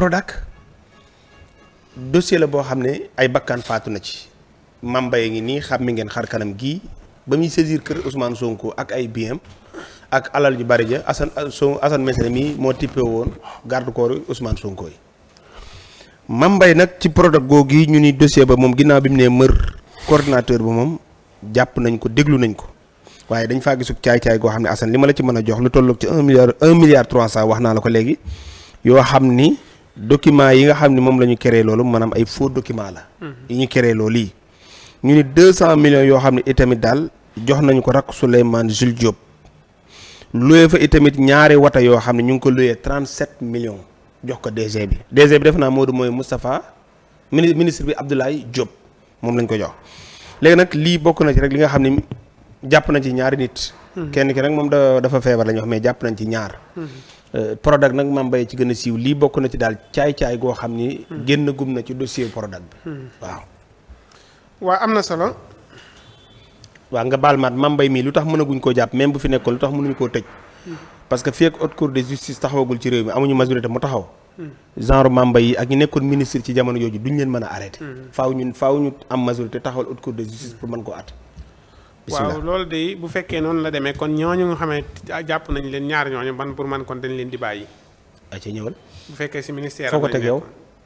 Prodac dossier la boo xam ne ay bakkan faatu na ci mambay ngi nii xam mi ngeen xar kanam gii ba muy saisir kër Ousmane Sonko ak ay biem ak alal ju bari ja Assane so Assane Mesere mii moo tippé woon garde corps Ousmane Sonko yi mambay nag ci Prodac googu ñu ni dossier ba moom ginnaaw bi mu ne mër coordinateur bi moom jàpp nañ ko déglu nañ ko waaye dañ faa gisug caay-caay goo xam ne Assane li ma la ci mën a jox lu tolloog ci un milliard un milliard trois cent wax naa ko léegi document yi nga xam ne moom la ñu créé loolu maanaam ay faux document la mm-hmm. yi ñu créé loolu yi ñu ni deux cent millions yoo xam ne itamit daal jox nañu ko rakk Souleymane Jules Diop luye fa itamit ñaari wata yoo xam ne ñu ngi ko luyee trente sept million jox ko DG bi DG bi def naa Modou mooy Moustapha mini ministre bi Abdoulaye Diop moom lañ ko jox léegi nag lii bokk na ci rek li nga xam ne jàpp nañ ci ñaari nit mm-hmm. kenn ki nag moom da dafa feebar la xam wax jàpp nañ ci ñaar mm-hmm. Euh, Prodac nag maam Baye ci gën a siiw lii bokk na ci daal caay-caay goo xam ni. Hmm. génn gum na ci dossier Prodac bi. Hmm. waaw. waa am na solo. waaw nga baal maat maam Baye mii lu tax mënaguñ koo jàpp même bu fi nekkoon lu tax mënuñu koo tëj. Hmm. parce que fii ak haute cour de justice taxawagul ci réew mi amuñu majorité mu taxaw. genre mamba yi ak ñi nekkoon ministre ci jamono yooju duñ leen mën a arrêté. faaw ñun faw ñu am majorité taxawal haute cour de justice pour mën waaw loolu de bu fekkee noonu la demee kon ñooñu nga xamee jàpp nañ leen ñaari ñooñu ban pour man kon dañ leen di bàyyi. ay ci ñëwal. bu fekkee si ministère foo ko teg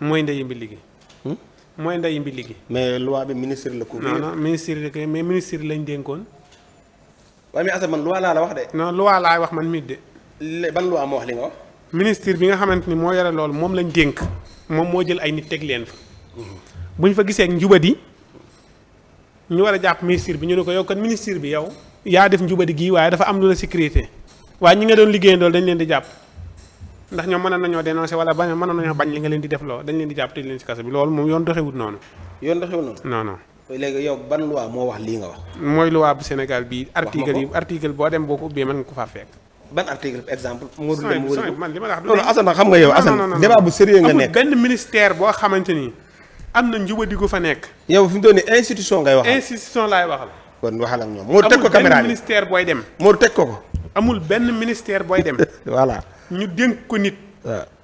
mooy ndeyu mbi liggéey. Hmm? mooy ndey mbi liggéey. mais loi bi ministre la ko. non non ministre la mais ministre lañ dénkoon. waaye mais Assane man loi laa la wax de. non loi laay wax man mit de. ban loi moo wax li nga wax. ministre bi nga xamante ni moo yore loolu moom lañ dénk moom moo jël ay nit teg leen fa. Hmm. bu ñu fa gisee ak njubadi ñu war a jàpp ministre bi ñu ne ko yow kon ministre bi yow yaa def njubadi gii waaye dafa am lu la sécurité waaye ñi nga doon liggéeyandool dañ leen di jàpp ndax ñoom mënoon nañoo dénoncé wala bañ mënoon nañoo bañ li nga leen di def loo dañ leen di jàpp tëj leen ci kaso bi loolu moom yoon doxewut noonu yoon noonu non non léegi wax lii nga wax mooy loi bu Sénégal bii article yi boo dem boo ko ubbee mën nga ko faa xam nga yow Assane débat benn ministère boo xamante ni am na di gu fa nekk. yow fi mu doon nii institution ngay waxal. institution laay waxal. kon waxal ak ñoom moo teg ko caméra amul benn booy dem. moo teg ko ko. amul benn ministère booy dem. voilà ñu dénk ko nit.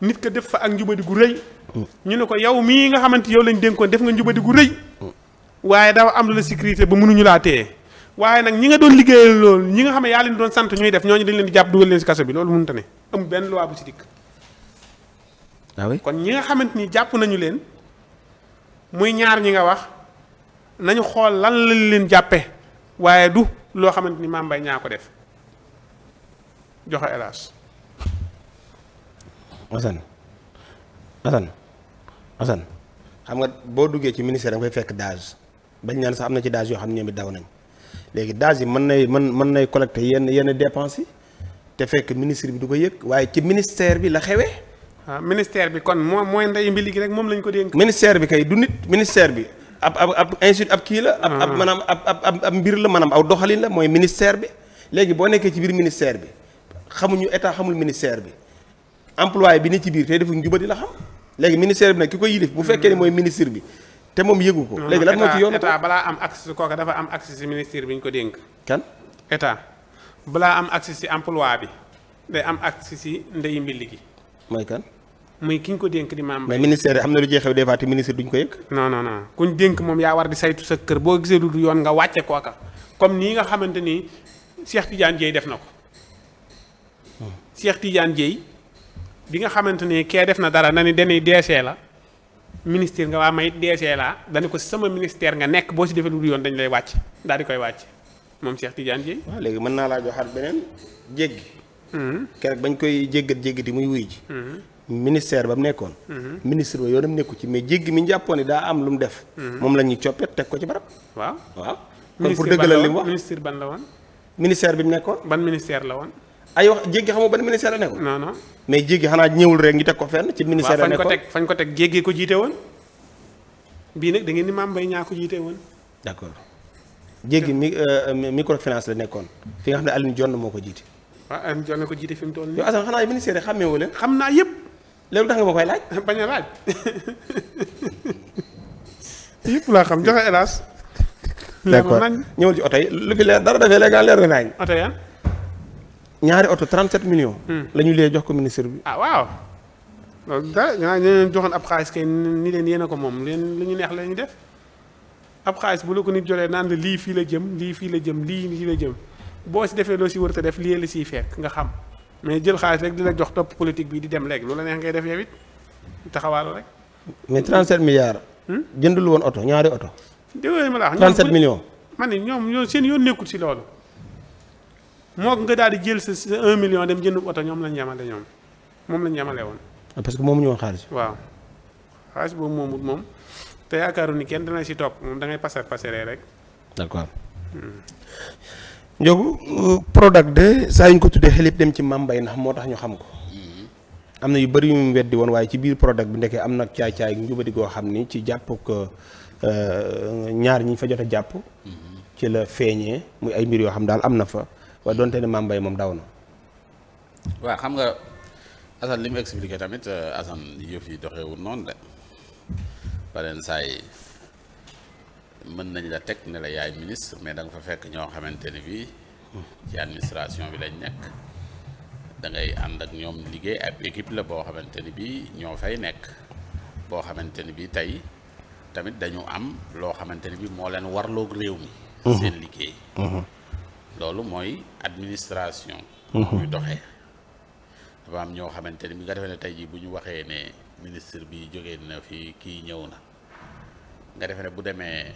nit ko def fa ak njubadi gu rëy. Mm. ñu ne ko yow mii nga xamante yow lañ dénkoon def nga njubadi gu rëy. Mm. waaye dafa am la sécurité ba mënuñu laa téye. waaye nag ñi nga doon liggéeyal loolu ñi nga xam ne yaa leen doon sant ñuy def ñoo ñu dañ leen di jàpp dugal leen si kaso bi loolu mënut a amul benn loi bu si dikk. ah kon ñi nga xamante ni jàpp nañu leen muy ñaar ñi nga wax nañu xool lan lañ leen jàppe waaye du loo xamante ni Mame Mbaye ñaa ko def joxe hélas Assane Assane Assane xam nga boo duggee ci ministère da koy fekk dage bañ naan sax am na ci dage yoo xam ne ñoom it daw nañ léegi dage yi mën nay mën mën nay collecté yenn yenn dépenses yi te fekk ministre bi du ko yëg waaye ci ministère bi la xewee Ah, ministère bi kon moo mooy ndey mbili gi rek moom lañ ko dénk. ministère bi kay du nit ministère bi ab ab ab institut ab kii la. ab ab ah. maanaam ab ab mbir la maanaam aw doxalin la mooy ministère bi léegi boo nekkee ci biir ministère bi xamuñu état xamul ministère bi employé bi ni ci biir tey defuñu di la xam léegi ministère bi nag ki ko yilif bu fekkee ni mm-hmm. mooy ministre bi. te moom yëgu ko. léegi lan moo ci yoonu état balaa am accès si kooka dafa am accès si ministère bi ko dénk. kan état balaa am accès emploi bi day am accès si ndey mbili gi. mooy muy ki ñu ko dénk di membre. mais ministère yi am na lu jeexew des fois te ministre duñ ko yëg. non non non kuñ dénk moom yaa war di saytu sa kër boo gisee lu du yoon nga wàcce kooka comme nii nga xamante ni Cheikh Tidiane Dieye def na ko. Hmm. Cheikh Tidiane Dieye bi nga xamante ni kee def na dara na ni dañuy deesee la ministère nga waa may deesee laa dañu ko sama ministère nga nekk boo si defee lu du yoon dañ lay wàcc daal di koy wàcc moom Cheikh Tidiane Dieye. waaw léegi mën naa laa joxaat beneen jéggi. Hmm. keroog bañ koy jéggat jéggati muy wuy ji. Hmm. ministère ba mu nekkoon. Mhm. ministre ba yoonam nekku ci mais jéggi mi ñu jàppoon ni daa am lu mu def. Mhm. moom la ñuy coppet teg ko ci barab. waaw waaw. kon pour dëggalal li wax ministère ban la woon. ministère bi mu nekkoon. ban ministère la woon. ay wax jéggi xamoo ban ministère la nekkoon. non non mais jéggi xanaa ñëwul rek ñu teg ko fenn. ci ministère la nekkoon ko teg fañ ko teg jéggi ko jiite woon. bii nag da ngeen ni maam Mbaye ñaa ko jiite woon. d' accord jéggi euh, euh, mi microfinance la nekkoon. fi nga xam ne Alioune Dione moo ko jiite. waaw Alioune Dione ko jiite fi mu toll nii. yow Assane xanaa ministère yi xàmmeewu leen. xam naa yëpp léegi tax nga ma koy laaj. bañ a laaj. yëpp laa xam joxe hélas. d'accord ñëwal ci oto yi lu fi leer dara dafee léegi leer na naañ. oto yan. ñaari oto 37 millions. Hmm. la lañu lee jox ko ministre bi. ah waaw. loolu dara leen joxoon ab xaalis kay ni leen yéen ko moom leen lu ñu neex la ñu def. ab xaalis bu la ko nit jolee naan la lii fii la jëm lii fii la jëm lii fii la jëm boo si defee loo si wër def lii la siy fekk nga xam. mais jël xaalis rek di la jox topp politique bi di dem léegi lu la neex ngay def yow it taxawaalu rek. mais 37 milliards. Hmm? jëndul woon oto ñaari oto. déggoo ma la wax 37 millions. ma ne ñoom ñoo seen yoon nekkul si loolu. moo nga daal di jël sa sa million dem jënd oto ñoom lañ yemale ñoom moom lañ yemale woon. Ah, parce que moomuñu woon xaalis. waaw xaalis boobu moom moom te yaakaaru ni kenn dana si topp moom da ngay passer passeree rek. d'accord. Hmm. Ndiogou euh, Prodac de saa yu ñu ko tuddee xel yëpp dem ci Mame Mbaye ndax moo tax ñu xam ko mm-hmm. am na yu bëri yu mu weddi woon waaye ci biir Prodac bi ndekee am na caay-caay njubadi goo xam ni ci jàpp ko euh, ñaar ñi fa jot a jàpp mm-hmm. ci la feeñee muy ay mbir yoo xam daal am na fa waaye donte ne Mame Mbaye moom daw na waaw xam nga Assane li mu expliqué tamit euh, Assane yëf yi doxewul noonu de pareen saa yi mën nañ la teg ne la yaay ministre mais da nga fa fekk ñoo xamante ne bii ci administration bi lañ nekk dangay ànd ak ñoom liggéey ab équipe la boo xamante ni bii ñoo fay nekk boo xamante ni bii tey tamit dañu am loo xamante ni bii moo leen warloog réew mi. Mhm. seen liggéey. Mhm. loolu mooy administration. Mhm. muy doxee dafa am ñoo xamante ni bi nga defe ne tey jii bu ñu waxee ne ministre bi jógee na fi kii ñëw na nga defee ne bu demee.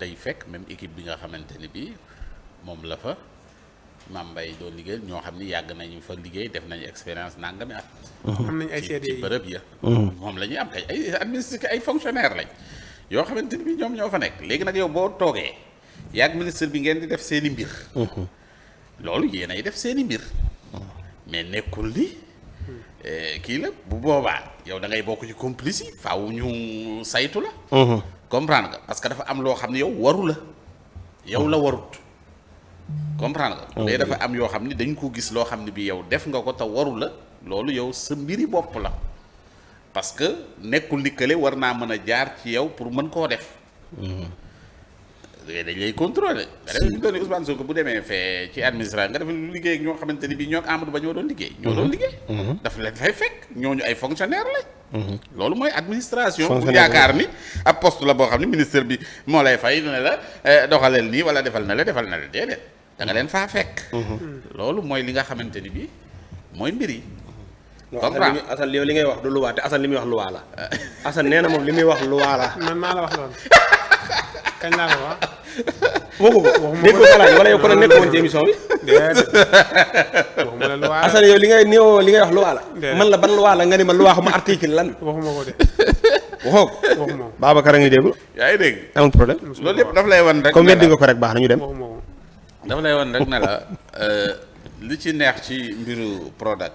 day fekk même équipe bi nga xamante ni bii moom la fa Mame yi doon liggéey ñoo xam ni yàgg nañu fa liggéey def nañu expérience nangami at. am nañu ay seede ci bërëb ya. Mm-hmm. moom la ñuy am kay ay administrateur ay fonctionnaire lañ yoo xamante ni ñoom ñoo fa nekk léegi nag yow boo toogee yàgg ministre bi ngeen di def seeni i mbir. Mm-hmm. loolu yéen ay def seeni i mbir. mais nekkul ni. Eh, kii la bu boobaa yow da ngay bokk ci complice yi faaw ñu saytu la. Mm-hmm. comprendre nga parce que dafa am loo xam ne yow waru la yow la warut comprendre nga ah, léegi dafa am yoo xam ne dañ ko gis loo xam ne bii yow def nga ko te waru la loolu yow sa mbiri bopp la parce que nekkul ni kële war naa mën a jaar ci yow pour mën koo def mm-hmm. dañ lay contrôler. nga def doon Ousmane Sonko bu demee fee ci administration nga def lu liggéey ak ñoo xamante ni bii ñoo Amadou Ba ñoo doon liggéey. ñoo doon mm-hmm. liggéey. Mm-hmm. Mm-hmm. loolu mooy administration. bu yaakaar ni ab poste la boo xam ne ministère bi moo lay fay ne la eh, doxaleel nii wala defal na la defal na la da nga leen faa fekk. loolu mooy li nga xamante ni mooy mbir yi. comprendre non li muy wax luwaa la Assane moom li muy wax luwaa man maa la wax loolu. kañ laa ko wax. waxu ko déggoo xalaat wala yow kon nekk woon ci bi. waxuma yow li ngay néew li ngay wax luwaa la. man la ban luwaa la nga ne ma luwaa xuma article lan. waxuma ko de. waxoo ko. waxuma ko Babacar a ngi déglu. yaa ngi dégg. amul problème loolu yëpp daf lay wan rek. comme weddi nga ko rek baax na ñu dem. daf lay wan rek ne la euh, li ci neex ci mbiru Prodac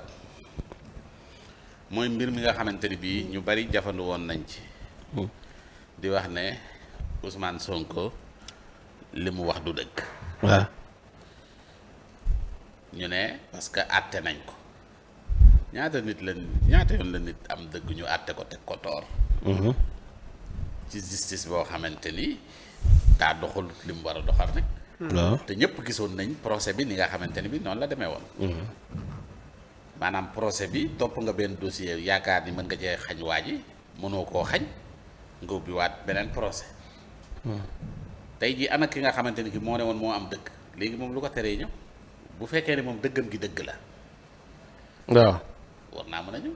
mooy mbir mi nga xamante ni bii ñu bari jafandu woon nañ ci. Hmm. di wax ne. Ousmane Sonko li mu wax du dëgg. waaw. ñu ne parce que àtte nañ ko ñaata nit la ñaata yoon la nit am dëgg ñu àtte ko teg ko toor. Mhm. ci justice boo xamante ni daa doxul li mu war a doxal rek. te ñëpp gisoon nañ procès bi ni nga xamante ni bi noonu la demee woon. Mhm. maanaam procès bi topp nga benn dossier yaakaar ni mën nga cee xañ waa yi mënoo koo xañ nga ubbiwaat beneen procès. tey jii ana ki nga xamante ni ki moo ne woon moo am dëkk léegi moom lu ko teree ñëw bu fekkee ne moom dëggam gi dëgg la. waaw. war naa mën a ñëw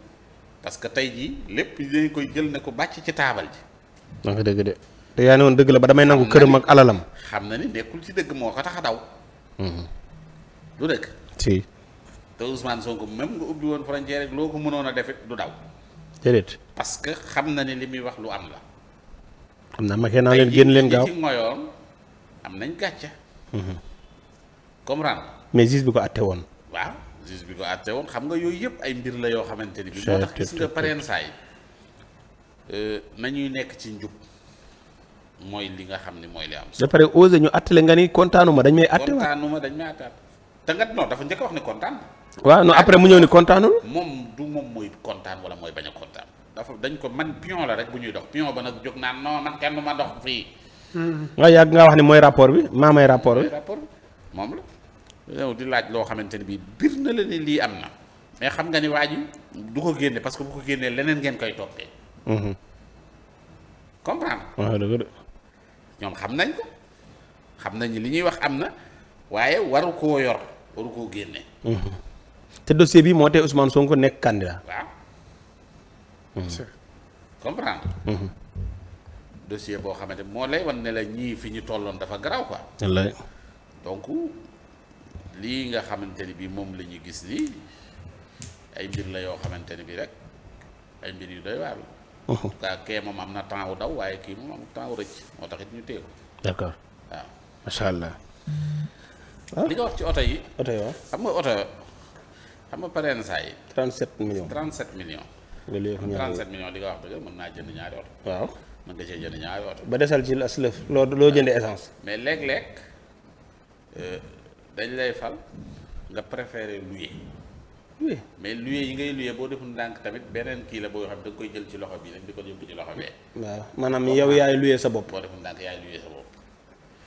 parce que tey jii lépp dañ koy jël ne ko bàcc ci taabal ji. da nga dëgg de te yaa ne woon dëgg la ba damay nangu këram ak alalam. xam na ni nekkul ci dëgg moo ko tax a daw. lu mm-hmm. dëgg. sii te Ousmane Sonko même nga ubbi woon frontière loo ko mënoon a def it du daw. déedéet parce que xam na ni li muy wax lu am la. xam naa maxee naa leen génn leen gaaw ci am nañ gàcce mhm. comprendre mais juge bi ko àtte woon waaw juge bi ko àtte xam nga yooyu yëpp ay mbir la yoo xamante ni bi moo tax gis nga pareen saay euh, nañuy nekk ci njub mooy li nga xam ni mooy li am ba pare osé ñu àttale nga ni kontaanuma dañ may àtte kontaanuma dañ may te nga non dafa njëkk wax ni kontaan waaw non après mu ñëw ni kontaanul moom du moom mooy kontaan wala mooy bañ a kontaan dafa dañ ko man pion la rek bu ñuy dox pion ba nag jóg naan non man kenn ma dox fii. nga wax ne mooy rapport bi maa may rapport bi. moom la. di laaj loo xamante ne bii lii am na mais xam nga ni waa ji du ko génne parce que bu ko génnee ngeen koy toppee. Mhm. comprendre. waaw dëgg xam nañ ko li ñuy wax am na waaye waru koo yor waru koo génne. Mhm. te dossier bi moo tee Ousmane Sonko nekk candidat. Mmh. comprendre mmh. dossier boo xamante moo lay wan ne la ñii fi ñu tolloon dafa garaaw quoi donc lii nga xamante ni bi moom la ñu gis nii ay mbir la yoo xamante ni bi rek ay mbir yu doy waar la mmh. kee moom am na temps wu daw waaye kii moom am temps rëcc moo tax it ñu téye ko d'accord waaw macha allah ah. li nga wax ci oto yi oto yi waaw xam nga oto xam nga pareen saa yi 37 millions 37 millions nga léegi ñaari 37 millions di nga wax dëgg mën naa jënd ñaari oto. waaw mën nga cee jënd ñaari oto. ba desal ci as lëf loo loo jëndee essence. mais léeg-léeg euh, dañ lay fal nga préféré louer. louer mais louer yi ngay louer boo deful ndànk tamit beneen kii la boo xam da koy jël ci loxo bi rek di ko yóbbu ci loxo bee. waaw maanaam yow yaay louer sa bopp. boo deful yaay louer sa bopp.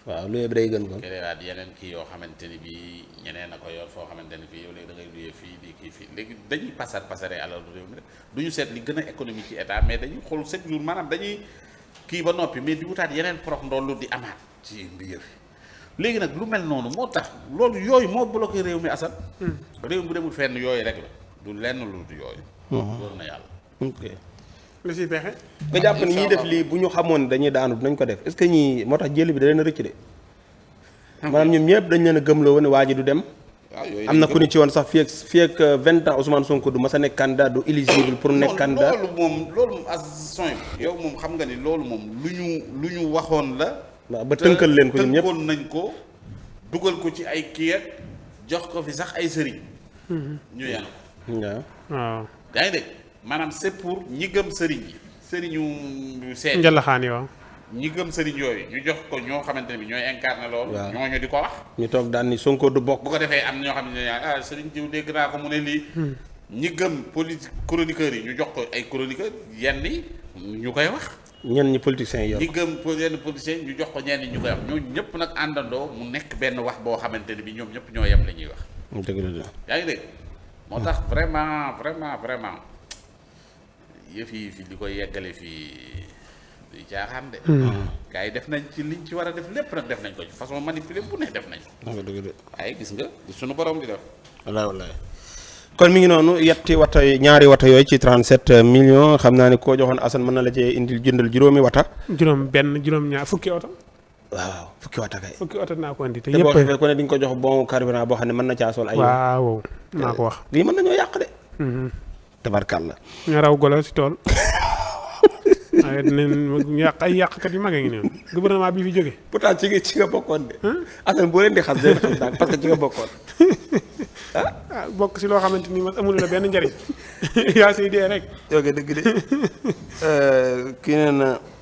waaw luye bi day gën kon créewaat yeneen kii yoo xamante ni bi ñeneen a ko yor foo xamante bii fii yow léegi da luye fii di kii fii léegi dañuy pasar pasare alal du réew mi rek du ñu seet li gën a économie ci état mais dañuy xool chaque jour maanaam dañuy kii ba noppi mais di wutaat yeneen prox ndollu di amaat ci mbir léegi nag lu mel noonu moo tax loolu yooyu moo bloqué réew mi asal hmm. réew mi bu demul fenn yooyu rek la du lenn lu du yooyu hmm. wóor na yàlla lu siy pexe. nga ni ñiy def lii bu ñu xamoon dañuy daanu nañ ko def est ce que ñii moo tax jël bi da leen a rëcc de. Ah. maanaam ñoom ñëpp dañ leen a gëmloo ne waa ji du dem. Ah, am na ku ni ci woon sax fi ak fii ak euh, vingt ans Ousmane Sonko du ma sa nekk candidat du éligible pour nekk candidat loolu moom loolu moom as yow moom xam nga ni loolu moom lu ñu lu ñu waxoon la. waa ba tënkal leen ko ñun ñëpp nañ ko dugal ko ci ay kii ak jox ko fi sax ay sëriñ. Hmm. ñu yàlla. waaw. maanaam c'est pour ñi gëm sëriñ yi sëriñu seen njalaxaan waaw ñi gëm sëriñ yooyu ñu jox ko ñoo xamante ne bi ñooy incarné loolu ñooñu di ko wax ñu toog daan ni Sonko du bokk bu ko defee am na ñoo xam ne ah, ah sëriñ jiw dégg naa ko mu ne hmm. ñi gëm politique chroniqueurs yi ñu jox ko ay chroniqueurs yenn yi ñu koy wax ñenn ñi politiciens yooyu ñi gëm yenn politiciens ñu jox ko ñenn ñi ñu koy wax ñooñu ñëpp nag àndandoo mu nekk benn wax boo xamante ne bi ñoom ñëpp ñoo yem la ñuy wax dëgg la yaa moo tax vraiment vraiment vraiment yëf yi fi li koy yeggale fii duy caaxaan de. Hmm. gars yi def nañ ci liñ ci war a def lépp nag def nañ ko ci façon manipuler bu ne def nañ ko. gis nga suñu borom di def. wallaay kon mi ngi noonu yetti wata ñaari wata yooyu ci 37 millions xam naa ne koo joxoon Assane mën na la cee indil jëndal juróomi wata. juróom benn juróom ñaar fukki oto. waaw fukki wata kay. fukki wata naa ko indi te yëpp. te boo xamee ku ko jox bon carburant boo xam ne mën na caa ay. waaw naa ko wax lii mën nañoo yàq de. Mm-hmm. tabarkàlla. nga raw golo si tool. waaye yàq ay yàqkat yu mag a ngi fi jóge pourtant ci ci nga bokkoon de. Assane boo leen di xas day xam daal parce que ci nga bokkoon. Ah? Ah, bokk si loo xamante ni man amul la benn njariñ yaa say dee rek. ok dëgg